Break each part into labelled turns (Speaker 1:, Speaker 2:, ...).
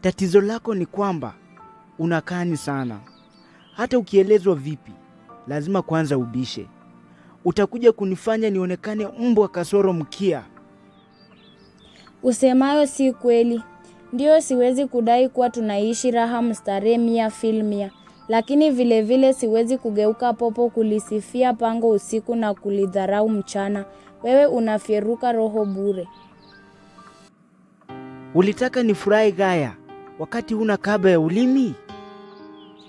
Speaker 1: Tatizo lako ni kwamba unakani sana. Hata ukielezwa vipi, lazima kwanza ubishe. Utakuja kunifanya nionekane mbwa kasoro mkia.
Speaker 2: Usemayo si kweli. Ndiyo, siwezi kudai kuwa tunaishi raha mstarehe mia filmia lakini vilevile vile siwezi kugeuka popo kulisifia pango usiku na kulidharau mchana. Wewe unafyeruka roho bure.
Speaker 1: Ulitaka nifurahi gaya wakati huna kaba ya ulimi?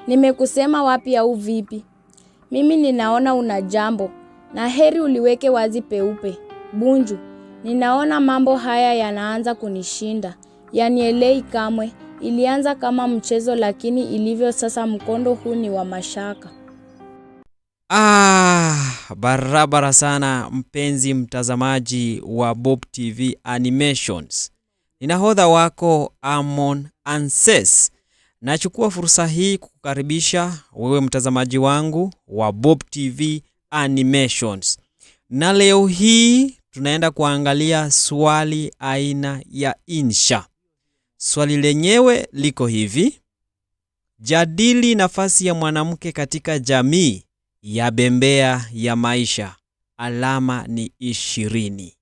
Speaker 2: Nimekusema wapi au vipi? Mimi ninaona una jambo na heri uliweke wazi peupe. Bunju, ninaona mambo haya yanaanza kunishinda, yanielei kamwe. Ilianza kama mchezo, lakini ilivyo sasa, mkondo huu ni wa mashaka.
Speaker 1: Ah, barabara sana mpenzi mtazamaji wa Bob TV Animations. Ni nahodha wako Amon Anses. Nachukua fursa hii kukukaribisha wewe mtazamaji wangu wa Bob TV Animations, na leo hii tunaenda kuangalia swali aina ya insha. Swali lenyewe liko hivi: jadili nafasi ya mwanamke katika jamii ya bembea ya maisha, alama ni ishirini.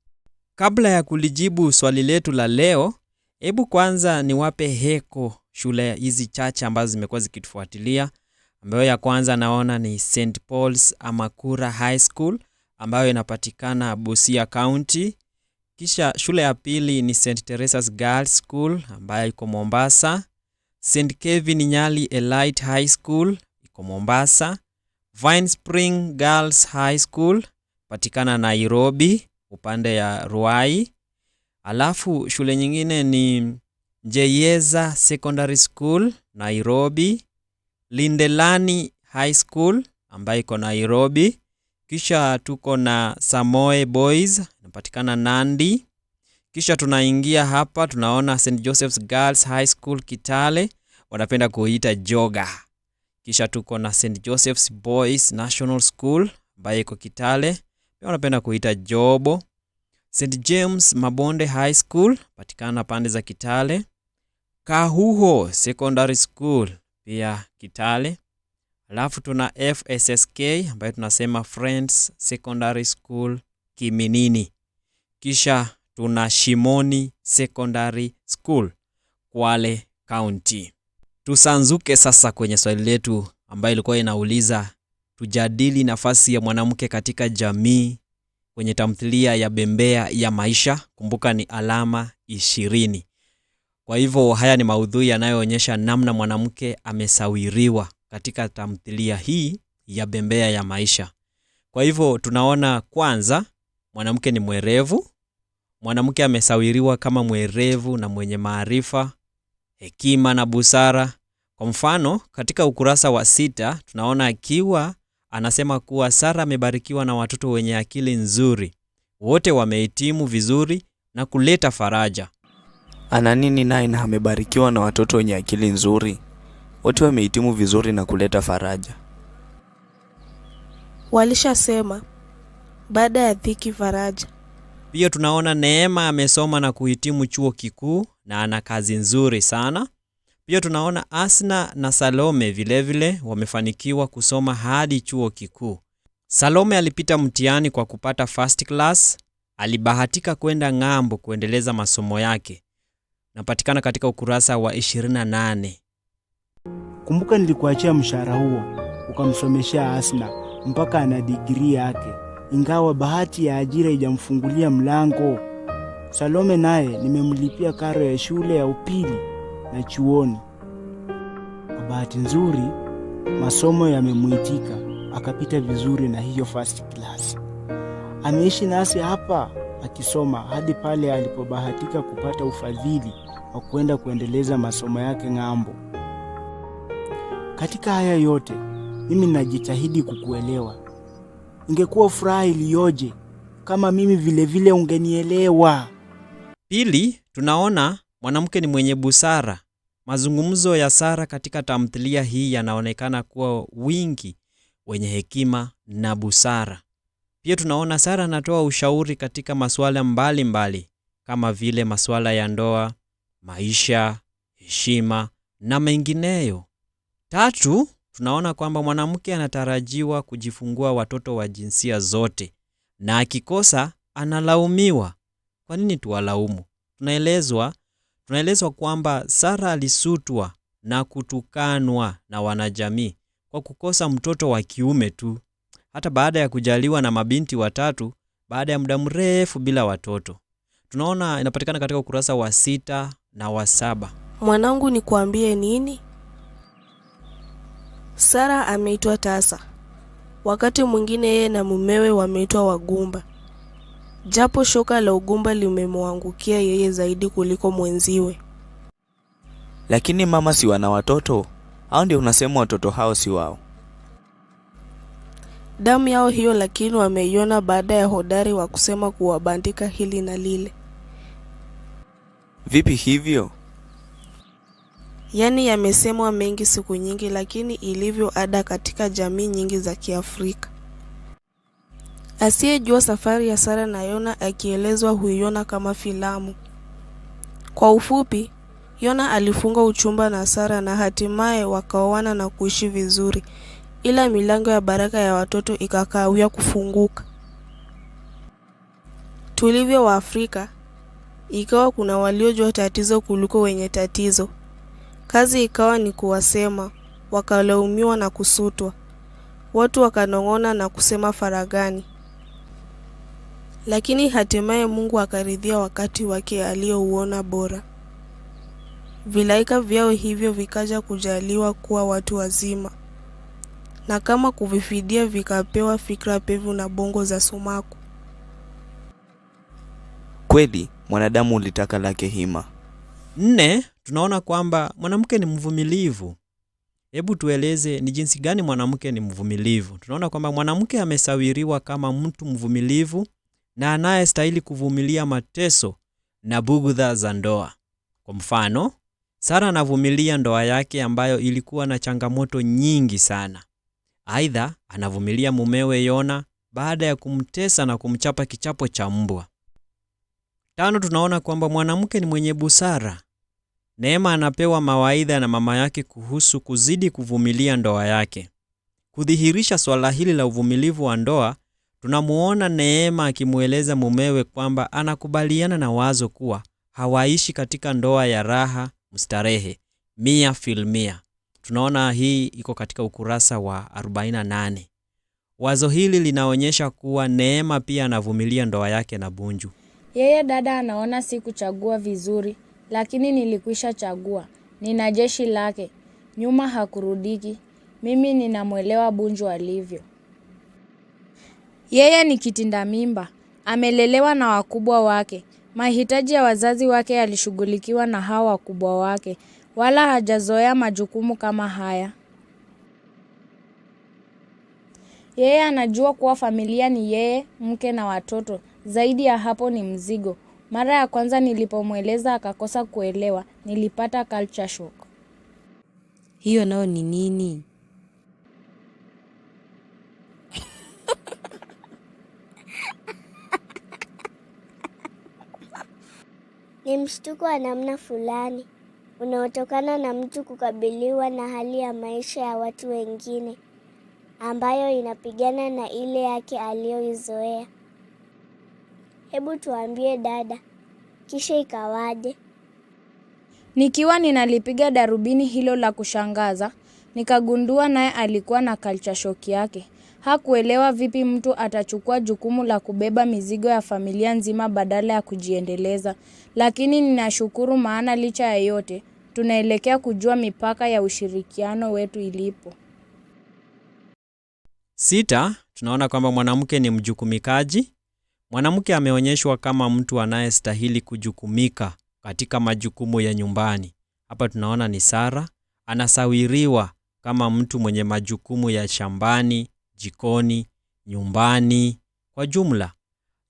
Speaker 1: Kabla ya kulijibu swali letu la leo, hebu kwanza niwape heko shule hizi chache ambazo zimekuwa zikitufuatilia, ambayo ya kwanza naona ni St Paul's Amakura High School ambayo inapatikana Busia County. Kisha shule ya pili ni St Teresa's Girls School ambayo iko Mombasa. St Kevin Nyali Elite High School iko Mombasa. Vine Spring Girls High School patikana Nairobi upande ya Ruai. Alafu shule nyingine ni Njeyeza Secondary School Nairobi, Lindelani High School ambayo iko Nairobi. Kisha tuko na Samoe Boys inapatikana Nandi. Kisha tunaingia hapa, tunaona St Joseph's Girls High School Kitale, wanapenda kuita Joga. Kisha tuko na St Joseph's Boys National School ambayo iko Kitale wanapenda kuita Jobo. St James Mabonde High School patikana pande za Kitale. Kahuho Secondary School pia Kitale. Alafu tuna FSSK ambayo tunasema Friends Secondary School Kiminini. Kisha tuna Shimoni Secondary School Kwale County. Tusanzuke sasa kwenye swali letu ambayo ilikuwa inauliza tujadili nafasi ya mwanamke katika jamii kwenye tamthilia ya Bembea ya Maisha. Kumbuka ni alama ishirini. Kwa hivyo haya ni maudhui yanayoonyesha namna mwanamke amesawiriwa katika tamthilia hii ya Bembea ya Maisha. Kwa hivyo tunaona kwanza, mwanamke ni mwerevu. Mwanamke amesawiriwa kama mwerevu na mwenye maarifa, hekima na busara. Kwa mfano, katika ukurasa wa sita tunaona akiwa anasema kuwa Sara amebarikiwa na watoto wenye akili nzuri, wote wamehitimu vizuri na kuleta faraja. Ananini naye na amebarikiwa na watoto wenye akili nzuri, wote wamehitimu vizuri na kuleta faraja.
Speaker 2: Walishasema baada ya dhiki faraja.
Speaker 1: Pia tunaona Neema amesoma na kuhitimu chuo kikuu na ana kazi nzuri sana. Pia tunaona Asna na Salome vilevile vile wamefanikiwa kusoma hadi chuo kikuu. Salome alipita mtihani kwa kupata first class, alibahatika kwenda ng'ambo kuendeleza masomo yake. Napatikana katika ukurasa wa 28.
Speaker 3: Kumbuka nilikuachia mshahara huo ukamsomesha Asna mpaka ana digrii yake, ingawa bahati ya ajira ijamfungulia mlango. Salome naye nimemlipia karo ya shule ya upili na chuoni. Kwa bahati nzuri, masomo yamemuitika akapita vizuri na hiyo first class. Ameishi nasi hapa akisoma hadi pale alipobahatika kupata ufadhili wa kwenda kuendeleza masomo yake ng'ambo. Katika haya yote, mimi najitahidi kukuelewa. Ingekuwa furaha iliyoje kama mimi vilevile vile ungenielewa.
Speaker 1: Pili, tunaona mwanamke ni mwenye busara Mazungumzo ya Sara katika tamthilia hii yanaonekana kuwa wingi wenye hekima na busara. Pia tunaona Sara anatoa ushauri katika masuala mbalimbali kama vile masuala ya ndoa, maisha, heshima na mengineyo. Tatu, tunaona kwamba mwanamke anatarajiwa kujifungua watoto wa jinsia zote na akikosa analaumiwa. Kwa nini tuwalaumu? Tunaelezwa Tunaelezwa kwamba Sara alisutwa na kutukanwa na wanajamii kwa kukosa mtoto wa kiume tu, hata baada ya kujaliwa na mabinti watatu baada ya muda mrefu bila watoto. Tunaona inapatikana katika ukurasa wa sita na wa saba.
Speaker 2: Mwanangu, nikuambie nini? Sara ameitwa tasa. Wakati mwingine yeye na mumewe wameitwa wagumba japo shoka la ugumba limemwangukia yeye zaidi kuliko mwenziwe.
Speaker 1: Lakini mama, si wana watoto au? Ndio unasema watoto hao si wao?
Speaker 2: Damu yao hiyo, lakini wameiona baada ya hodari wa kusema kuwabandika hili na lile.
Speaker 1: Vipi hivyo?
Speaker 2: Yaani yamesemwa mengi siku nyingi, lakini ilivyo ada katika jamii nyingi za Kiafrika Asiyejua safari ya Sara na Yona akielezwa huiona kama filamu. Kwa ufupi, Yona alifunga uchumba na Sara na hatimaye wakaoana na kuishi vizuri, ila milango ya baraka ya watoto ikakawia kufunguka. Tulivyo Waafrika, ikawa kuna waliojua tatizo kuliko wenye tatizo. Kazi ikawa ni kuwasema, wakalaumiwa na kusutwa. Watu wakanong'ona na kusema faragani lakini hatimaye Mungu akaridhia wakati wake aliouona bora. Vilaika vyao hivyo vikaja kujaliwa kuwa watu wazima, na kama kuvifidia vikapewa fikra pevu na bongo za sumaku.
Speaker 1: Kweli mwanadamu ulitaka lake hima. Nne, tunaona kwamba mwanamke ni mvumilivu. Hebu tueleze ni jinsi gani mwanamke ni mvumilivu. Tunaona kwamba mwanamke amesawiriwa kama mtu mvumilivu na anayestahili kuvumilia mateso na bugudha za ndoa. Kwa mfano, Sara anavumilia ndoa yake ambayo ilikuwa na changamoto nyingi sana. Aidha, anavumilia mumewe Yona baada ya kumtesa na kumchapa kichapo cha mbwa. Tano, tunaona kwamba mwanamke ni mwenye busara. Neema anapewa mawaidha na mama yake kuhusu kuzidi kuvumilia ndoa yake. Kudhihirisha swala hili la uvumilivu wa ndoa Tunamwona Neema akimweleza mumewe kwamba anakubaliana na wazo kuwa hawaishi katika ndoa ya raha mstarehe mia filmia. Tunaona hii iko katika ukurasa wa 48. Wazo hili linaonyesha kuwa Neema pia anavumilia ndoa yake na Bunju.
Speaker 2: Yeye dada anaona si kuchagua vizuri, lakini nilikwisha chagua. Nina jeshi lake, nyuma hakurudiki. Mimi ninamwelewa Bunju alivyo. Yeye ni kitinda mimba. Amelelewa na wakubwa wake. Mahitaji ya wazazi wake yalishughulikiwa na hao wakubwa wake. Wala hajazoea majukumu kama haya. Yeye anajua kuwa familia ni yeye, mke na watoto. Zaidi ya hapo ni mzigo. Mara ya kwanza nilipomweleza akakosa kuelewa, nilipata culture shock.
Speaker 1: Hiyo nayo ni nini?
Speaker 4: ni mshtuko wa namna fulani unaotokana na mtu kukabiliwa na hali ya maisha ya watu wengine ambayo inapigana na ile yake aliyoizoea. Hebu tuambie dada, kisha ikawaje?
Speaker 2: Nikiwa ninalipiga darubini hilo la kushangaza, nikagundua naye alikuwa na culture shock yake. Hakuelewa vipi mtu atachukua jukumu la kubeba mizigo ya familia nzima badala ya kujiendeleza. Lakini ninashukuru maana licha ya yote, tunaelekea kujua mipaka ya ushirikiano wetu ilipo.
Speaker 1: Sita, tunaona kwamba mwanamke ni mjukumikaji. Mwanamke ameonyeshwa kama mtu anayestahili kujukumika katika majukumu ya nyumbani. Hapa tunaona ni Sara anasawiriwa kama mtu mwenye majukumu ya shambani, jikoni, nyumbani, kwa jumla.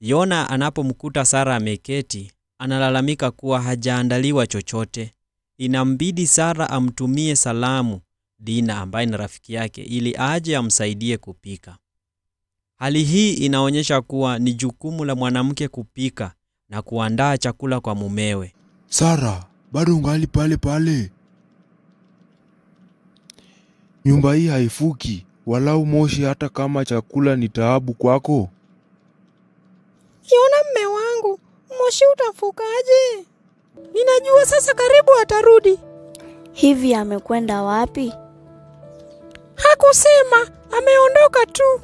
Speaker 1: Yona anapomkuta Sara ameketi, analalamika kuwa hajaandaliwa chochote. Inambidi Sara amtumie salamu Dina ambaye ni rafiki yake ili aje amsaidie kupika. Hali hii inaonyesha kuwa ni jukumu la mwanamke kupika na kuandaa chakula kwa mumewe.
Speaker 5: Sara, bado ungali pale pale, nyumba hii haifuki walau moshi, hata kama chakula ni taabu kwako?
Speaker 6: Kiona mme wangu, moshi utafukaje? Ninajua sasa karibu atarudi.
Speaker 7: Hivi amekwenda wapi?
Speaker 6: Hakusema, ameondoka tu.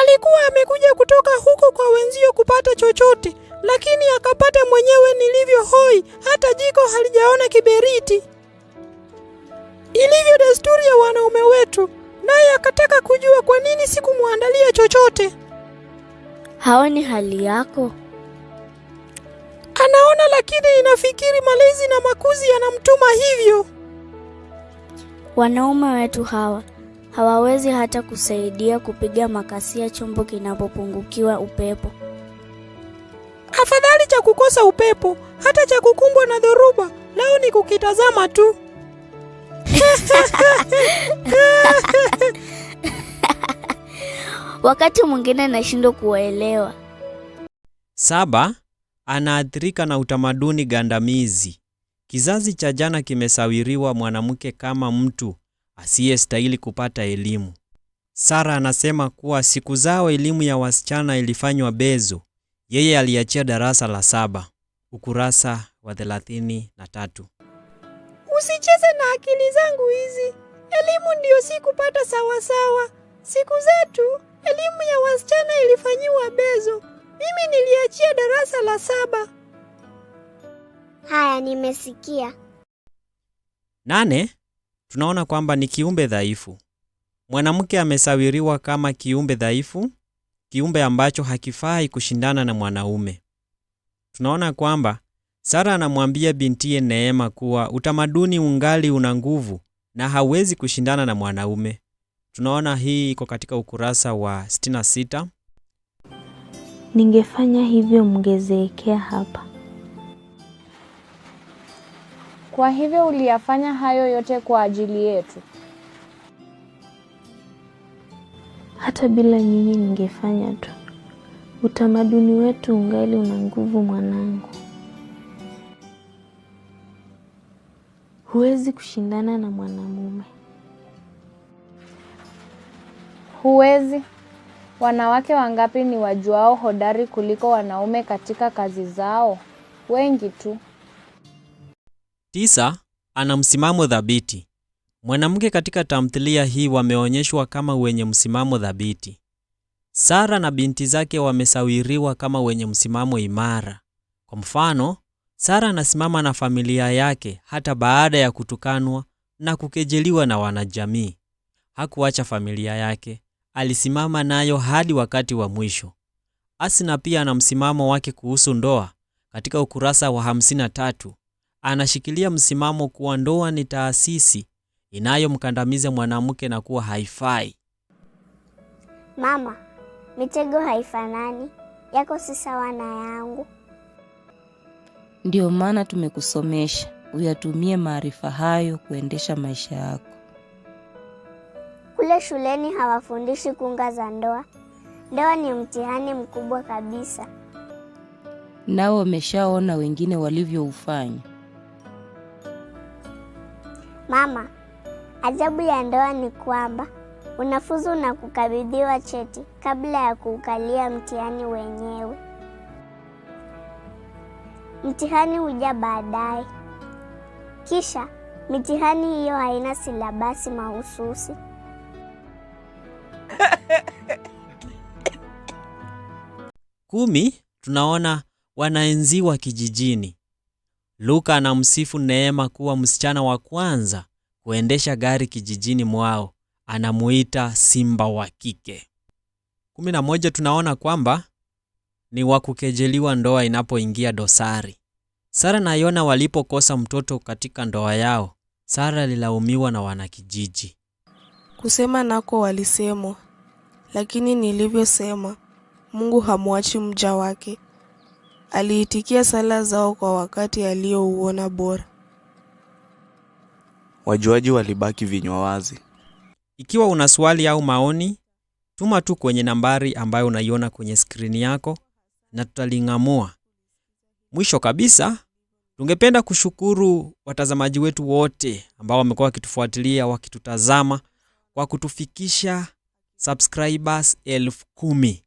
Speaker 6: Alikuwa amekuja kutoka huko kwa wenzio kupata chochote, lakini akapata mwenyewe nilivyo hoi, hata jiko halijaona kiberiti ilivyo desturi ya wanaume wetu, naye akataka kujua kwa nini sikumwandalia chochote.
Speaker 7: Haoni hali yako?
Speaker 6: Anaona, lakini inafikiri malezi na makuzi yanamtuma hivyo.
Speaker 7: Wanaume wetu hawa hawawezi hata kusaidia kupiga makasia chombo kinapopungukiwa upepo.
Speaker 6: Afadhali cha kukosa upepo hata cha kukumbwa na dhoruba, lao ni kukitazama tu.
Speaker 7: Wakati mwingine nashindwa kuwaelewa.
Speaker 1: Saba, anaathirika na utamaduni gandamizi. Kizazi cha jana kimesawiriwa mwanamke kama mtu asiyestahili kupata elimu. Sara anasema kuwa siku zao elimu ya wasichana ilifanywa bezo. Yeye aliachia darasa la saba, ukurasa wa 33.
Speaker 6: Usicheze na akili zangu hizi. Elimu ndiyo si kupata sawasawa. Siku zetu elimu ya wasichana ilifanyiwa bezo. Mimi niliachia darasa la saba.
Speaker 4: Haya, nimesikia.
Speaker 1: Nane, tunaona kwamba ni kiumbe dhaifu. Mwanamke amesawiriwa kama kiumbe dhaifu, kiumbe ambacho hakifai kushindana na mwanaume. Tunaona kwamba Sara anamwambia bintiye Neema kuwa utamaduni ungali una nguvu na hawezi kushindana na mwanaume. Tunaona hii iko katika ukurasa wa 66.
Speaker 8: Ningefanya hivyo mngezeekea hapa.
Speaker 9: Kwa hivyo uliyafanya hayo yote kwa ajili yetu.
Speaker 8: Hata bila nyinyi ningefanya tu. Utamaduni wetu ungali una nguvu mwanangu. Huwezi kushindana na mwanamume,
Speaker 10: huwezi. Wanawake wangapi ni wajuao hodari kuliko wanaume katika kazi zao? Wengi tu.
Speaker 1: Tisa, ana msimamo thabiti. Mwanamke katika tamthilia hii wameonyeshwa kama wenye msimamo thabiti. Sara na binti zake wamesawiriwa kama wenye msimamo imara. Kwa mfano, Sara anasimama na familia yake hata baada ya kutukanwa na kukejeliwa na wanajamii. Hakuacha familia yake, alisimama nayo hadi wakati wa mwisho. Asna pia ana msimamo wake kuhusu ndoa. Katika ukurasa wa 53 anashikilia msimamo kuwa ndoa ni taasisi inayomkandamiza mwanamke na kuwa haifai.
Speaker 4: Mama, mitego haifanani, yako si sawa na yangu.
Speaker 11: Ndiyo maana tumekusomesha uyatumie maarifa hayo kuendesha maisha yako.
Speaker 4: Kule shuleni hawafundishi kunga za ndoa. Ndoa ni mtihani mkubwa kabisa,
Speaker 11: nao wameshaona wengine walivyoufanya.
Speaker 4: Mama, ajabu ya ndoa ni kwamba unafuzu na kukabidhiwa cheti kabla ya kuukalia mtihani wenyewe. Mtihani huja baadaye. Kisha mitihani hiyo haina silabasi mahususi.
Speaker 1: Kumi, tunaona wanaenziwa kijijini. Luka anamsifu Neema kuwa msichana wa kwanza kuendesha gari kijijini mwao, anamuita simba wa kike. Kumi na moja, tunaona kwamba ni wa kukejeliwa ndoa inapoingia dosari. Sara na Yona walipokosa mtoto katika ndoa yao, Sara alilaumiwa na wanakijiji.
Speaker 2: Kusema nako walisemwa, lakini nilivyosema, Mungu hamwachi mja wake. Aliitikia sala zao kwa wakati aliyouona bora.
Speaker 1: Wajuaji walibaki vinywa wazi. Ikiwa una swali au maoni, tuma tu kwenye nambari ambayo unaiona kwenye skrini yako na tutaling'amua. Mwisho kabisa, tungependa kushukuru watazamaji wetu wote ambao wamekuwa wakitufuatilia, wakitutazama kwa kutufikisha subscribers elfu kumi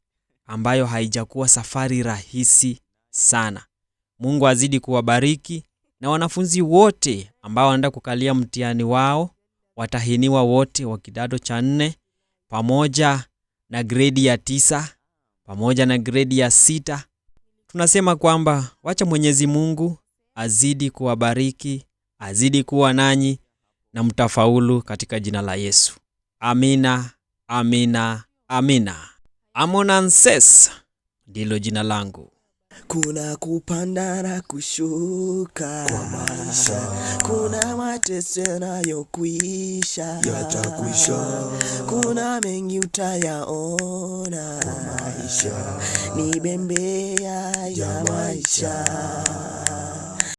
Speaker 1: ambayo haijakuwa safari rahisi sana. Mungu azidi kuwabariki na wanafunzi wote ambao wanaenda kukalia mtihani wao, watahiniwa wote wa kidato cha nne pamoja na gredi ya tisa pamoja na gredi ya sita, tunasema kwamba wacha Mwenyezi Mungu azidi kuwabariki, azidi kuwa nanyi na mtafaulu katika jina la Yesu. Amina, amina, amina. Amonanses ndilo jina langu. Kuna kupanda na kushuka kwa kuna mateso yanayokuisha yatakuisha kuna mengi utayaona ni bembea ya maisha.